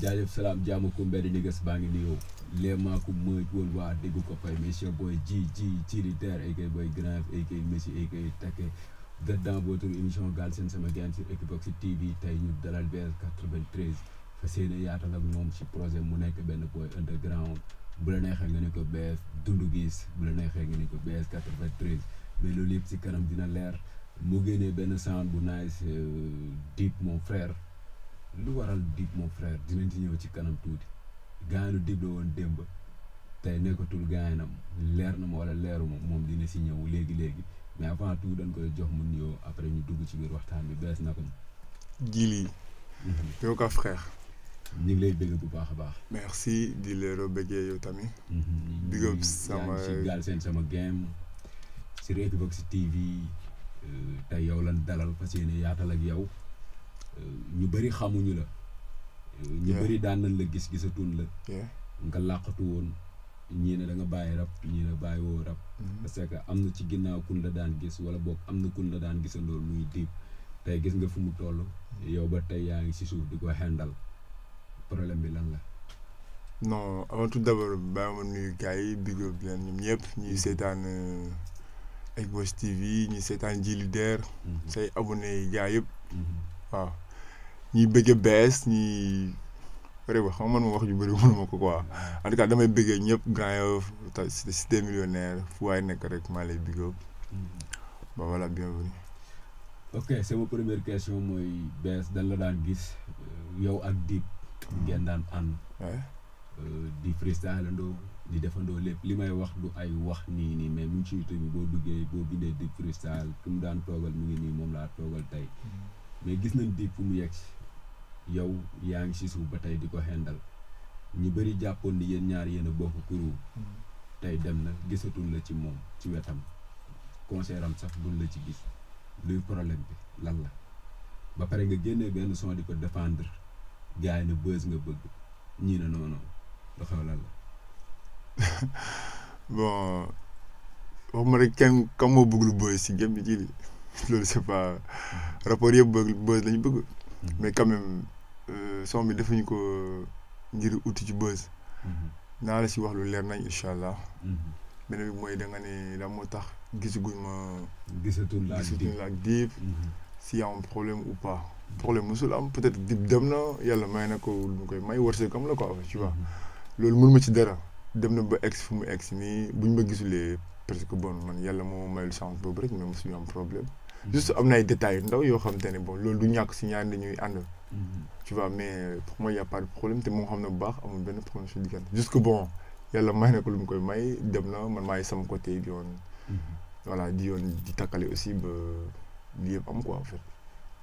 jaajëf salaam jaamu kumbe di niggas baa ngi nuyoo lee maa ko mëj woon waa dégg ko fay monsieur boy ji ji jiri der aka boy grave aka monsieur aka takke de dans votre émission Galsen sama gaan sur Equivox TV tey ñu dalal bees 93 fa seen yaatal ak moom ci projet mu nekk benn boy underground bu la neexee nga ne ko bees dundu gis bu la neexee nga ni ko bees 93 mais loolu yëpp ci kanam dina leer mu génnee benn sound bu nice euh, deep mon frère lu waral Dip mon frère dinañ ci ñëw ci kanam tuuti gaayanu Dip la woon démb tey nekkatul gaayanam leer na ma wala leeruma moom dina si ñëw léegi léegi mais avant tout dañ koy jox mu nuyoo après ñu dugg ci biir waxtaan bi bees na ko. Djily. yow ko frère. ñu ngi lay bëgg bu baax a baax. merci di leeroo bëggee yow tamit. big mhm. up sama ci Galsen sama game ci Redbox TV euh, tey yow lan dalal fas yéene yaatal ak yow. ñu bari xamuñu la. ñu bëri daan nañ la gis gisatuñ la. nga làqatu woon ñii ne da bàyyi rab ñii ne bàyyi woo rab. Mm-hmm. parce que am na ci ginnaaw kun la daan gis wala boog am na kun la daan gisandool muy diib tey gis nga fu mu toll. Mm-hmm. yow ba tey yaa ngi si suuf di ko xendal problème bi lan la. non avant tout d'abord baa ma nuyu yi bi leen ñoom ñëpp ñuy mm-hmm. seetaan euh, Equivox TV ñuy seetaan Djily Der. say abonné yi gars yëpp waaw. ñuy bëgge bees ñi vraiment xam man moom wax ju bëri mënuma ko quoi en tout cas damay bëggee ñëpp Grand Yoff cité millionnaire fu waay nekk rek maa lay bëgg mm-hmm. ba voilà bienvenue ok sama première question mooy bees dañ la daan gis euh, yow ak Dip mm-hmm. ngeen daan ànd euh, di freestyle andoo di defandoo lépp li may wax du ay wax nii nii mais mu ngi ci YouTube bi boo duggee boo bindee Dip freestyle ki mu daan toogal mu ngi nii moom laa toogal tey mm-hmm. mais gis nañ Dip fu mu yegg yow yaa ngi si suuf ba tey di ko xendal ñu bëri jàppoon ni yéen ñaar yéen a bokk mm. tey dem nag gisatul la ci moom ci wetam concert sax duñ la ci gis luy problème bi lan la ba pare nga génnee benn son di ko défendre gars yi ne buzz nga bëgg ñii ne noonu lu xew lan la. bon waxuma rek kenn kam moo bëgg lu buzz si jëm ci loolu c'est pas rapport yëpp bëgg buzz lañu bëgg. Mm. mais quand Euh, somme bi defuñu ko euh, ngir uti ci bës. Mm-hmm. naa la si wax lu leer nañ incha allah. Mm-hmm. beneen bi mooy da ne la moo tax gisaguñ ma. gisatuñ la ak diib la ak diib. Mm-hmm. si y a un problème ou musul am peut-être dib dem na yàlla may na ko lu mu koy may wërsëgam la quoi tu vois. loolu mun ma ci dara dem na ba egg fu mu egg nii buñ ma gisulee presque bon man yàlla moo mayul chance boobu rek mais mosuñu am problème. juste am na ay détails ndaw yoo xamante ni boo loolu du ñàkk si ñaar dañuy ànd. Mm-hmm. tu vois mais pour moi y' a pas problème te moo xam na bu baax amul benn problème su diggante jusque bon yàlla may mu koy may dem na man maay sama côté di yoon. Mm-hmm. voilà di yoon di takkale aussi ba li am quoi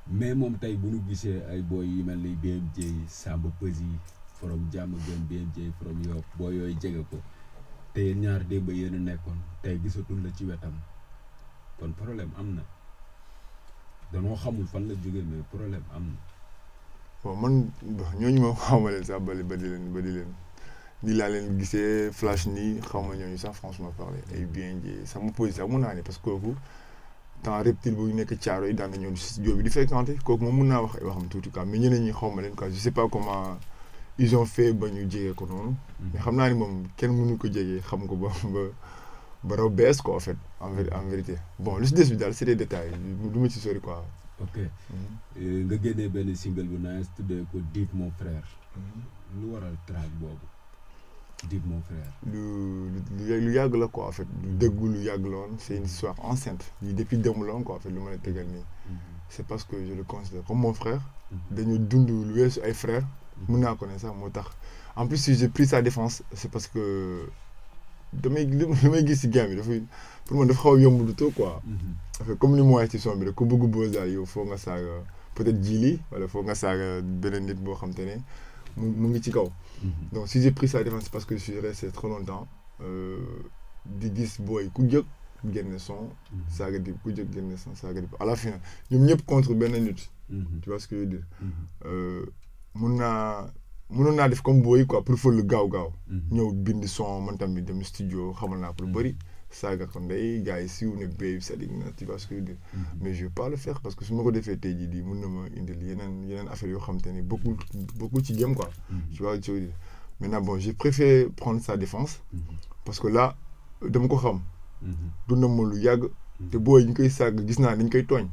mais moom tey bu ñu gisee ay booy yu mel ni BMJ Samba Peuzzi from jàmm gën BMJ from Yoff booy yooyu jege ko te ñaar démb yéen a nekkoon tey gisatul la ci wetam kon problème am na. danoo xamul fan la jógee mais problème am na. bon man ñooñu moom xaw ma leen sax bali ba di leen ba di leen nii laa leen gisee flash nii xaw ma ñooñu sax franchement parler ay bi je sama pose sax mun naa ne parce que kooku temps reptile bu nekk caaro yi daan ñoo ñëw si studio bi di fréquenté kooku moom mun naa wax ay waxam tuuti quoi mais ñeneen ñi xaw ma leen quoi je sais pas comment. ils fait ba ñu jege ko noonu. Mm-hmm. mais xam naa ni moom kenn mënu ko jege xam ko ba ba ba raw bees ko en fait en en vérité bon lu si des bi daal c'est des détails lu ma ci sori quoi. ok mm-hmm. euh, nga génnee benn single bu nice tuddee ko Deep mon frère. Mm-hmm. lu waral track boobu Deep mon frère. lu lu lu yàgg la quoi en fait lu dëggu lu yàgg la woon c'est enceinte lii depuis démb la woon quoi en fait lu ma la tegal nii. Mm-hmm. c'est parce que je le considère comme mon frère. dañu dund lu weesu ay frères. mun naa ko ne sax moo tax en plus si j'ai pris sa défense c'est parce que. damay li may gis si game bi dafay pour man dafa xaw yomb du tout quoi. Mhm. parce que comme ni mu ci son bi rek ku bëgg Beaux Arts yow foo nga saaga peut-être jili wala foo nga saaga beneen nit boo xam ne mu ngi ci kaw. Mhm. donc si j'ai pris sa défense parce que je suis resté trop longtemps euh, di gis booy ku jóg mhm. génne son. saaga dib ku jóg génne son saaga dib à ñoom ñëpp contre benn nit. tu euh, mun naa. mënoon naa def comme booy quoi pour fël gaaw gaaw. Mhm. ñëw bind son man tamit dem studio xamal naa pour bëri. saaga ko ndey gars yi siiw ne béy sadig na tu vois ce que je veux dire mhm. mais su ma ko defee tey jii di mun na ma indi yeneen yeneen affaire yoo xam te ne bokkul bokkul ci jëm quoi. Mhm. tu vois ce que je veux dire maintenant bon j'ai préféré prendre sa défense. parce que là dama ko xam. dund ma lu yàgg. te booy ñu koy sàgg gis naa dañ koy tooñ.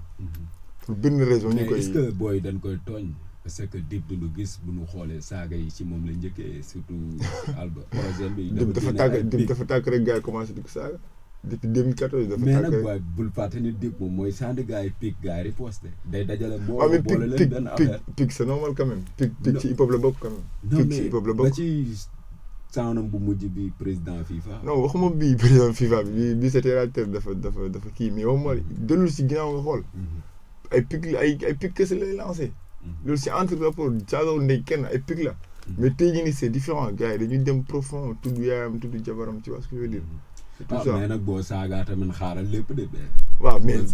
pour benn raison ñu koy booy dañ koy tooñ. parce que Dip Doundou gis bu ñu xoolee saaga yi ci moom la njëkkee surtout alba projet dafa tàgg Dip dafa tàkk rek gars yi commencé di ko saaga. depuis 2014 dafa tàgg mais nag waaye bul fàtte ni Dip mooy sànni gars yi pic gars yi day dajale ah, mbooloo boole leen benn affaire pic c'est normal quand même. pic pic la bokk quand même. pic ci la bokk saanam bu mujj bi président FIFA. non waxuma bii président FIFA bi bi c'était la terre dafa dafa dafa kii mais waxuma dellu si ginnaaw nga xool. Mhm. ay pic ay ay pic lay lancé. loolu si entre rapport jaaloo ndey kenn ay pig la. mais tey jii nii c' est différent gars yi dañuy dem profond tudd yaayam tudd jabaram tu vois ce que je veux dire. tout ah, nag boo saagaa tamit xaaral lépp de benn. waaw mais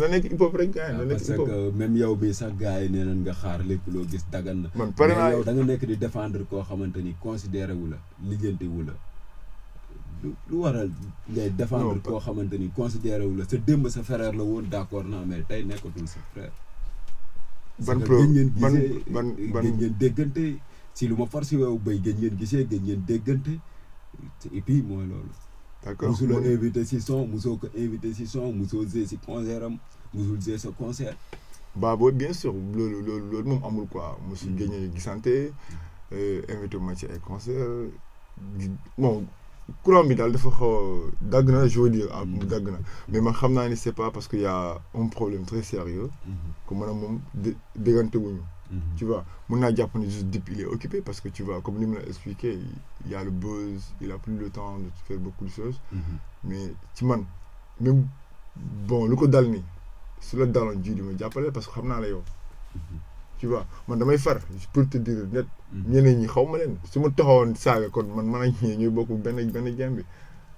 na nekk hip hop ah, parce que même yow bi sax gars yi nee nañ nga xaar lépp loo gis dagan na. man pare naa yow da nga nekk di défendre koo xamante ni considéré wu la lijjanti wu la. lu waral ngay défendre koo xamante ni considéré wu la sa démb sa frère la woon d' accord naa mais tey nekkatul sa frère. ban pro ngeen gisee ban ban ngeen déggante si lu ma forcé weewu béy gën ngeen gisee gën ngeen déggante et puis mooy loolu. d'accord musu la invité si son musoo ko invité si son musoo gée si concert am musul gée sa concert. baaboo booy bien sûr loolu loolu loolu moom amul quoi musu hmm. gën gisante euh, invité ma ci ay concert bon. courant bi daal dafa xaw a dagg na je veux dire ah dagg na mais man xam naa ni c'est pas parce que y a un problème très sérieux que maanaam moom dé déggante wuñu tu vois mun naa jàpp ne juste Dip il est occupé parce que tu vois comme ni mu la expliqué il a le buzz il a plus le temps de faire beaucoup de choses mais ci man même bon lu ko dal nii su la daloon ji di ma jàppale parce que xam naa la yo tu vois man damay far pour te dire net mm. ñeneen ñi xaw ma leen su ma taxawoon saaga kon man man ak ñii ñooy bokk benn benn jàmm bi.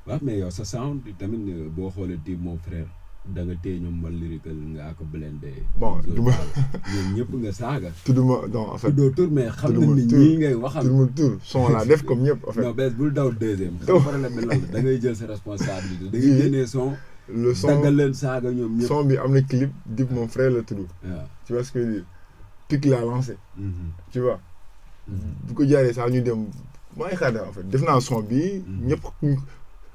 waaw mais yow sa sound tamit boo xoolee di mon frère da nga téye ñoom man lyrical nga ko blendé. bon du ma ñoom ñëpp nga saaga. tudduma non en fait tuddoo tur mais xam nañ ni ñii ngay waxal. tudduma tur son laa def comme ñëpp en fait. non bés bul daw deuxième. xam problème bi lan la da ngay jël sa responsabilité da ngay génnee son. le son daggal leen saaga ñoom ñëpp. son bi am na clip Dip mon frère la tudd. waaw tu vois ce que je veux dire. pic laa lancé. Mhm. tu vois. Mhm. bu ko jaaree sax ñu dem maa ngi xaar en naa son bi mhm. ñëpp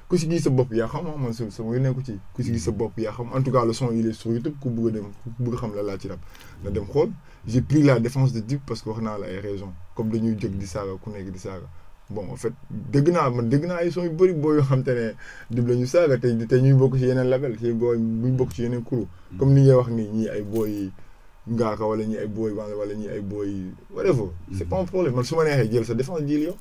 ku si gis sa bopp yaa xam ah man sama sama nekku ci ku si gis sa bopp yaa xam en tout a dem ku bëgg a xam la laa ci rab na dem xool j'ai pris la défense de Dip parce que wax naa la ay raisons comme dañuy jóg di saaga ku nekk di saaga bon en fait dégg naa man dégg naa ay son yu bëri boo yoo xam te ne Dip la ñu saaga te ñuy bokk ci yeneen label te booy bokk ci yeneen kuréel comme ni ngay wax nii ñii ay booy ngaaka wala ñi ay booy wàll wala ñi ay booy whatever. c'est pas un problème man su ma neexee jël sa défense ji yow.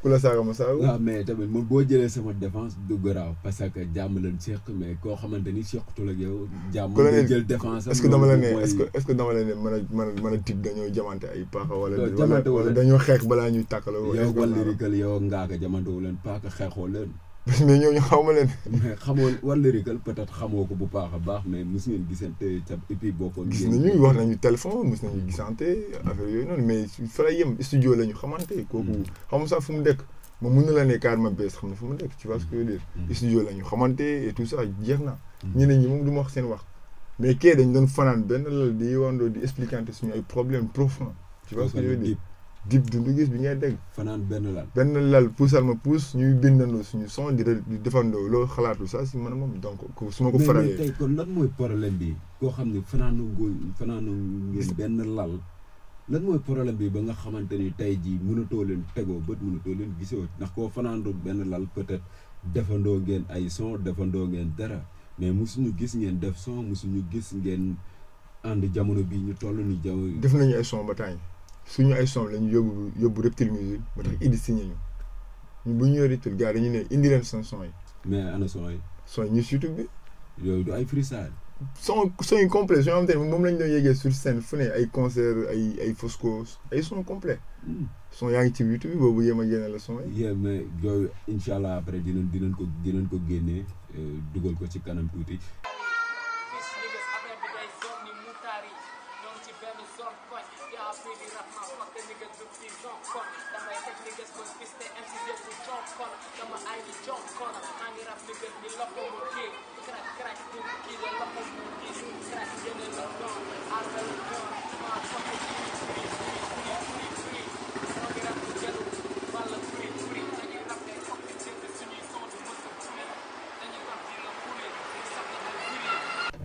ku la saaga ma saaga. waaw mais tamit man boo jëlee sama défense du garaaw parce que jàmm leen seq mais koo xamante ni seqatul ak yow. jàmm nga jël défense est-ce que dama la ne est-ce que est-ce que dama la ne mën a mën a mën a tig dañoo jamante ay paaka wala. dañoo xeex balaa ñuy tàkkaloo. yow yow ngaaka jamante wu leen paaka xeexoo leen. mais ñu xaw ma leen. mais xamoon wàllu rëkkal peut-être xamoo ko bu baax a baax mais mos ngeen gisante ca et puis bokkoon. gis nañu wax nañu téléphone mos nañu gisante affaire yooyu noonu mais fa la yem studio la ñu xamante kooku hmm. xamu sax fu mu dëkk ma mun na la ne carrément bees xam na fu mu dëkk tu vois ce que je hmm. studio la ñu xamante et tout ça jeex na. Hmm. ñeneen ñi moom du wax seen wax mais kee dañ doon fanaan benn lal di yowandoo di expliquante suñu ay problèmes profonds. tu vois ce que dib dundu gis bi ngay dégg. fanaan benn lal benn lal puusal ma puus ñuy bindandoo suñu son di di defandoo loo xalaatul saa si man moom donc su ma ko faralee. tey kon lan mooy problème bi koo xam ne fanaanu góoy fanaanu ngeen benn lal lan mooy problème bi ba nga xamante ni tey jii mënatoo leen tegoo bët mënatoo leen gisoo ndax koo fanaandu benn lal peut-être defandoo ngeen ay son defandoo ngeen dara mais mu suñu gis ngeen def son suñu gis ngeen ànd jamono bii ñu toll ni jaww def nañu ay son ba tàyyi suñu ay son la ñu yóbbu yóbbu Reptyle Music ba tax Idy signé ñu ñu bu ñu ñëwee Reptyle gars dañu ne indi son seen son yi. mais ana son yi. son yi ñu si YouTube bi. yooyu du ay freestyle. son son yu complet soo xamante ne moom lañ doon yéegee sur scène fu ne ay concert ay ay Fosco ay son complet hmm. son yaa ngi ci YouTube bi boobu yéem a génne la son yi. yéen mais yooyu incha allah après dinañ dinañ ko dinañ ko génnee euh, dugal ko ci kanam tuuti.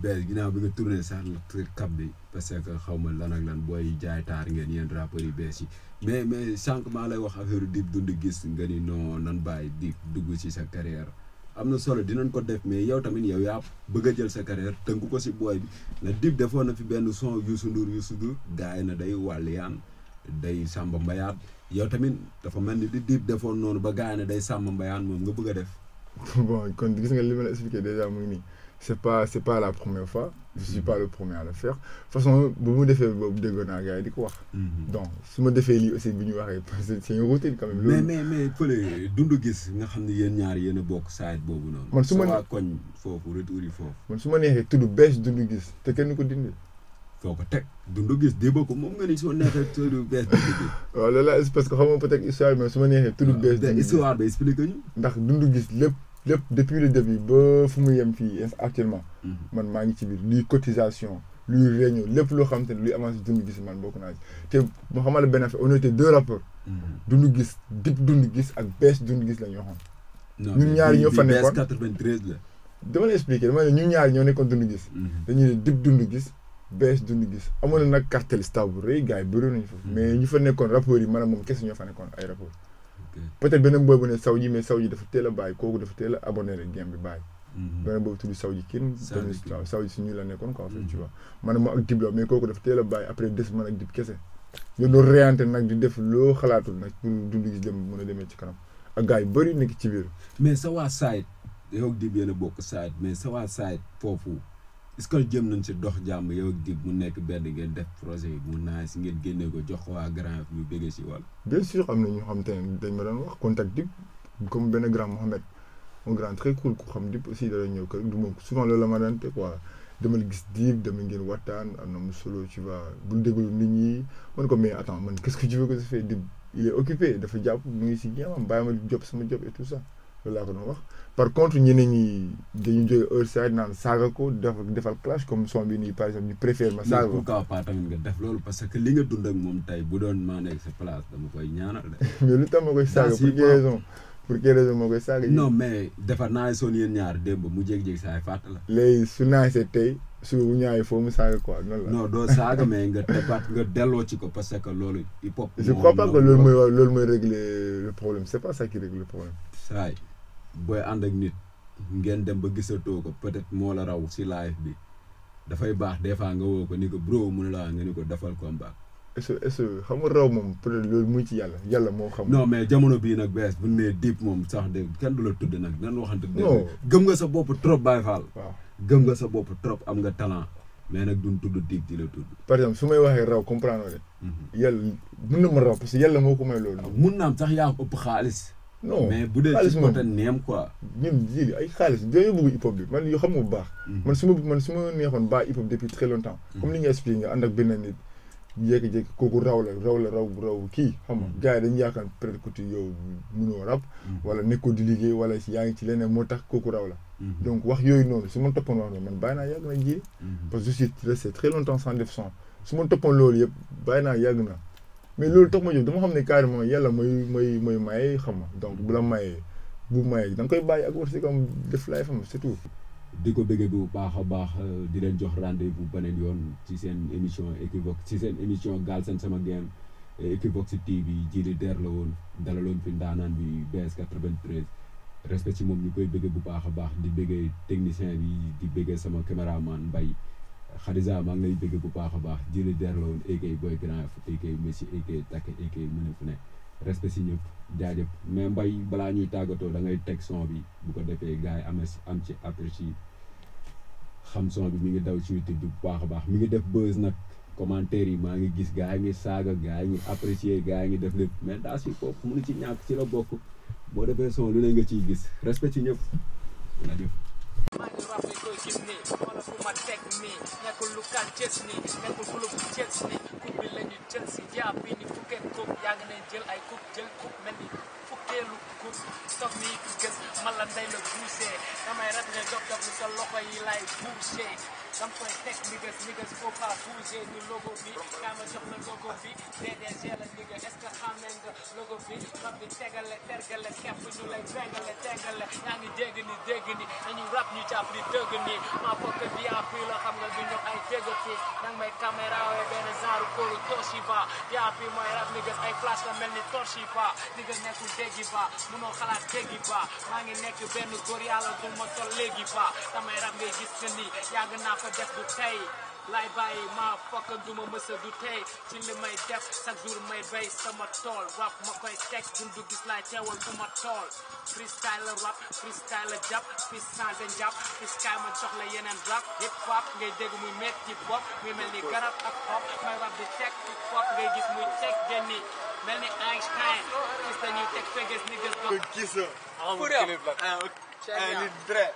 benn ginnaaw bi nga tourné sax cap bi parce que xaw ma lan ak lan booy jaay taar ngeen yéen rappeurs yu bees yi mais mais sànq maa lay wax affaire Dip Doundou Guiss nga ni non nan bàyyi Dip dugg ci sa carrière am na solo dinañ ko def mais yow tamit yow yaa bëgg a jël sa carrière tënk ko si booy bi na Dip defoon na fi benn son Youssou Ndour Youssou Ndour gars yi na day wàlliyaan day sàmba mbayaat yow tamit dafa mel ni di Dip defoon noonu ba gars na day sàmba mbayaat moom nga bëgg def. bon kon li c'est pas c'est pas la première fois je suis mhm. pas le premier à le faire façon bu mu defee boobu déggoon naa gars yi di ko wax. Mhm. donc su ma defee lii aussi bi ñu waxee parce que c'est une routine quand même. mais mais mais fële dund gis nga xam ne yéen ñaar yéen a bokk saayit boobu noonu. man su ma sa koñ foofu retour yi foofu. man su ma neexee tudd bees dund gis te kenn ko dindi. foo ko teg dund gis déggoo ko moom nga ni soo neexee tudd bees dund gis. waaw loolu la parce que xam nga peut-être histoire bi man su ma neexee. tudd bees dund gis histoire bi expliqué ñu. ndax dund gis lépp. lépp depuis le début ba fu mu yem fii actuellement. Mm-hmm. man maa ngi ci biir luy cotisation luy réunion lépp loo xam te ne luy avancé dund gis man bokk naa ci te mu xamal benn affaire on était deux rapports. Mm-hmm. dund gis dip dund gis ak bees dund gis la ñu waxoon. ñun ñaari ñoo fa nekkoon 93 la. dama lay expliqué dama ne ñun ñaari ñoo nekkoon dund gis. Mm-hmm. dañuy ne dip dund gis bees dund gis amoon na nag cartel stable bu rëy gars yi nañu fa. mais ñu fa nekkoon rapport yi maanaam moom ñoo fa nekkoon ay rapport peut-être boobu ne saw ji mais saw ji dafa teel a bàyyi kooku dafa teel a abonné rek game bi bàyyi. Mm-hmm. beneen boobu tudd saw ji kenn. si ñu la nekkoon quoi. tu mm-hmm. vois man ma ak dib la mais kooku dafa teel a bàyyi après des man ak dib kese. ñoo doon réyante nag di def loo xalaatul nag pour dund gi dem a demee ci kanam ak gars yu bëri nekk ci biir. mais sa waa Saïd yow dib yéen a bokk Saïd mais sa waa foofu. est-ce que jëm nañ si dox jàmb yow ak dig mu nekk benn ngeen def projet yi mu naa si ngeen génne ko jox ko waa grand ñu bëggee si wàll. bien sûr am na ñoo xam te dañ ma doon wax contact dig comme benn grand Mohamed un grand très cool ku xam dib aussi da ñëw kër du ma souvent loolu la ma daan te quoi dama gis diib dama ngeen waxtaan am na mu solo tu vois bul déglu nit ñi man ko mais attends man qu'est-ce que tu veux que dib il est occupé dafa jàpp mu ngi si jéem a bàyyi ma loolu laa ko doon wax par contre ñeneen ñi dañu jóge heure naan saaga ko defal clash comme son bi nii par exemple ñu préfère ma saaga ko def loolu parce que li nga dund ak moom tey bu doon maa nekk sa place dama koy ñaanal de. mais lu tax ma koy saaga ñaar démb mu jékki-jékki saa yi fàtte la. léegi su naa see tey su bu ñaawee foo mu saaga quoi noonu la. non doo saaga mais nga delloo ci ko parce que loolu hip hop. je crois pas que loolu mooy loolu mooy régler le saay booy ànd ak nit ngeen dem ba gisatoo ko peut-être moo la raw si live bi dafay baax des fois nga woo ko ni ko bro mu ne la nga ni ko defal combat. est xam nga raw moom peut-être ci yàlla yàlla moo xam. non mais jamono bii nag bees bu nee diip moom sax de kenn la tudd nag nan waxante. non gëm nga sa bopp trop Baye Fall. waaw gëm sa bopp trop am nga talent. mais nag duñ tudd diip di la tudd. par su may waxee raw comprendre nga de. Mhm. mun na ma raw parce yàlla moo ko may loolu. mun naa am sax yaa ko ëpp xaalis. non mais bu dee ci côté neem quoi. ñun ay xaalis yooyu bëgg hip hop bi man yoo xam nga bu baax. Mm-hmm. man su ma man su ma neexoon baa hip hop depuis très longtemps. Mm-hmm. comme li nga expliqué nga ànd ak benn nit. jékki kooku raw la raw la raw raw kii xam nga mm-hmm. gars yi dañu yaakaar wala nekkoo di liggéey wala yaa ngi ci leneen moo tax kooku raw la. donc wax yooyu noonu su ma toppoon wax noonu man bàyyi naa yàgg na ji. parce que je def son su ma toppoon loolu yëpp bàyyi naa yàgg na. mais loolu tax ma jóg dama xam ne carrément yàlla mooy mooy mooy maye xam nga donc bu la mayee bu mayee da nga koy bàyyi ak wërsëgam def laay fam c'est tout. di ko bëggee bu baax a baax di leen jox rendez-vous beneen yoon ci seen émission Equivox ci seen émission seen Sama Game Equivox TV Djily deer la woon dalaloon fi ndaanaan bi BS 93 respect ci moom ñu koy bëggee bu baax a baax di bëggee technicien bi di bëggee sama caméraman Mbaye. Khadija maa ngi lay dégg bu baax a baax jëli der la woon éykay boy grand éykay messi éykay takk éykay mën a fu ne respect si ñëpp jaajëf mais mbay balaa ñuy tàggatoo da ngay teg son bi bu ko defee gars yi am am ci apprécié xam son bi mi ngi daw ci YouTube bu baax a baax mi ngi def buzz nag commentaire yi maa ngi gis gars yi ngi saaga gaa yi ngi apprécier gars yi ngi def lépp mais daa si foofu mënu ci ñàkk ci la bokk boo defee son lu ne nga ciy gis respect ci ñëpp jëf maa fi koy gis nii wala ku ma teg nii nekkul lu kan jës nii nekkul club bu jës nii coupe bi la ñu jël si yaa fii ni fukkeen coupe yaa ngi ne jël ay coupe jël coupe mel ni fukkeelu coupe toog nii gis man la ndey la buusee damay rek nga jox jox sa loxo yi lay buusee dama koy teg niggas niggas faut pas bouger du logo bi yaa ma jox la logo bi DDG la nigga est-ce que nga logo bi rab bi tegale tergale kepp ñu lay tegale tegale yaa ngi dégg ni dégg ni dañu rap ñu jàpp ni dëgg ni ma bokk bi yaa fii la xam nga du ñu ay déggati danga may caméra wee benn genre kóolu Toshiba yaa fii mooy rap niggas ay flash mel ni Toshiba niggas nekkul déggi ba munoo xalaat déggi ba maa ngi nekk benn góor yàlla du ma tol ko def du tey laay bàyyi maa du tey ci li may ma koy teg dundu gis laay teewal sama tool freestyle rap freestyle jàpp fis changé njàpp fis kaay ma jox la yeneen rap hip hop ngay dégg muy metti bopp muy mel ni garab ak xob may rap di teg hip hop ngay gis muy teg génni mel ni Einstein gis dañuy teg feges ni gës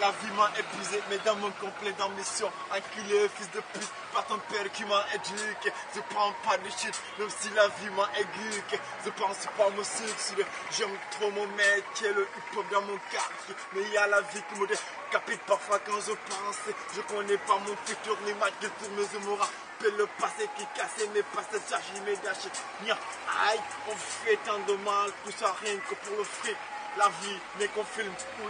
La vie m'a épuisé, mes dents m'ont complet dans mes fils de pute, par ton père qui m'a éduqué. Je prends la Je pense pas au succès, j'aime trop mon mec, qui est le hip-hop dans mon quartier. Mais y a la vie qui me décapite parfois quand je pense. Je connais pas mon futur, ni ma culture, mais je me rappelle le passé qui cassait mes passages, il m'est gâché. Aïe, on fait tant de mal, tout ça rien que pour le fric. La vie n'est qu'un film où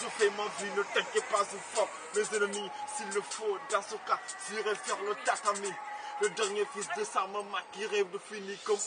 Soufflement vie, ne t'inquiète pas ou fort mes ennemis, s'il le faut, dans ce cas, j'irai le dernier fils de Sarmama qui rêve de finir comme